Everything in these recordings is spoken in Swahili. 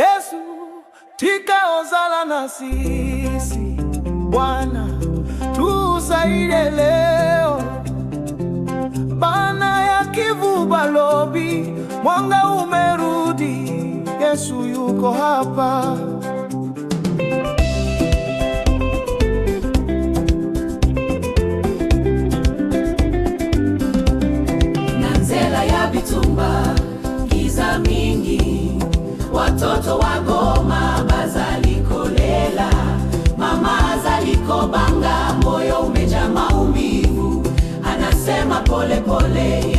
Yesu tikaozala na sisi Bwana, tusaidie leo bana ya kivuba lobi, mwanga umerudi, Yesu yuko hapa. Na nzela ya bitumba giza mingi Watoto wa Goma, bazalikolela mama zalikobanga, moyo umejaa maumivu, anasema polepole pole.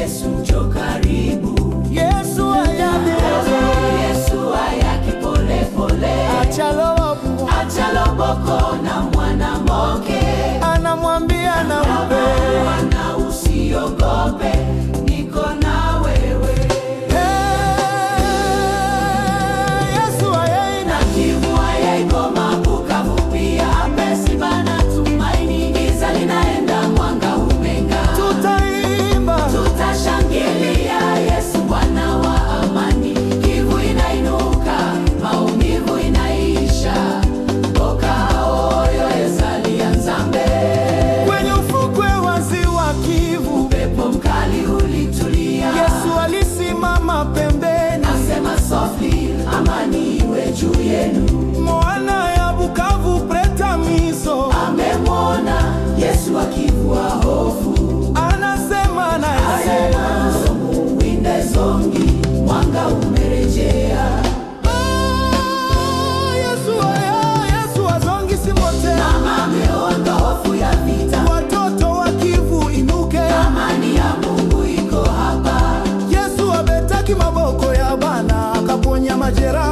juu yenu. ya Bukavu Preta Mizo amemwona Yesu akivua hofu, anasema winda mwanga umerejea. Ah, azongi wa Kivu inuke, Yesu abetaki maboko ya bana, akaponya majeraha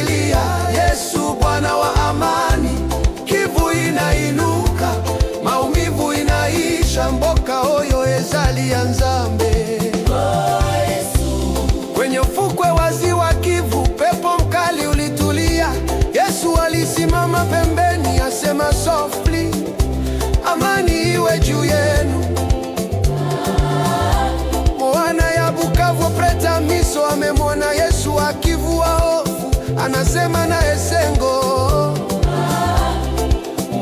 kilia, Yesu Bwana wa amani. Kivu inainuka, maumivu inaisha, mboka oyo ezali ya nzambe. Kwenye ufukwe wa ziwa Kivu pepo mkali ulitulia, Yesu alisimama pembeni, asema softly, amani iwe juu yenu. Moana ya Bukavu, Preta Miso amemwona Yesu akivua anasema na esengo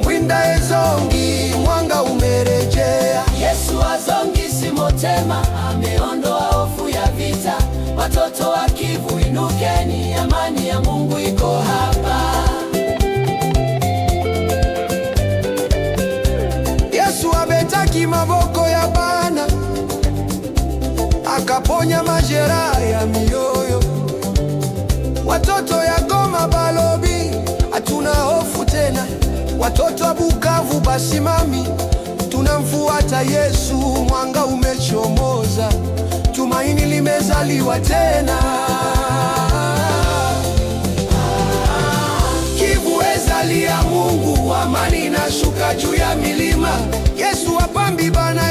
mwinda ezongi mwanga umerejea. Yesu azongi simotema, ameondoa hofu ya vita. Watoto wa Kivu, inukeni, amani ya Mungu Watoto wa Bukavu, basi tunamfuata Yesu. Mwanga umechomoza, tumaini limezaliwa tena. Kivu ezalia Mungu, amani inashuka juu ya milima. Yesu wapambi bana